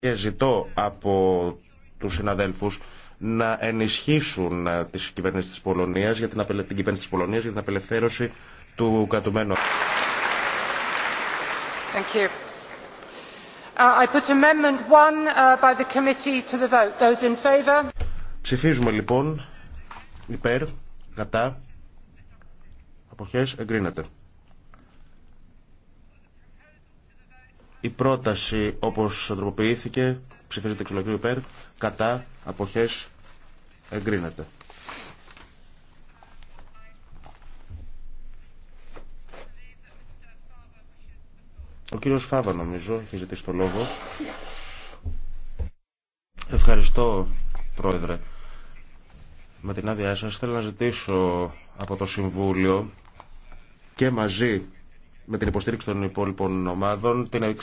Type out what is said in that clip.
και ζητώ από τους συναδέλφους να ενισχύσουν ε, τις κυβερνήσεις της Πολωνίας για την, απελε... την κυβέρνηση της Πολωνίας για την απελευθέρωση του κατουμένου. Thank you. Uh, I put amendment one uh, by the committee to the vote. Those in favor. Ψηφίζουμε λοιπόν υπέρ, κατά, αποχές, εγκρίνεται. Η πρόταση όπως τροποποιήθηκε ψηφίζεται ολοκλήρου υπέρ, κατά, αποχές, εγκρίνεται. Ο κύριος Φάβα νομίζω έχει ζητήσει το λόγο. Ευχαριστώ πρόεδρε. Με την άδειά σας θέλω να ζητήσω από το Συμβούλιο και μαζί με την υποστήριξη των υπόλοιπων ομάδων την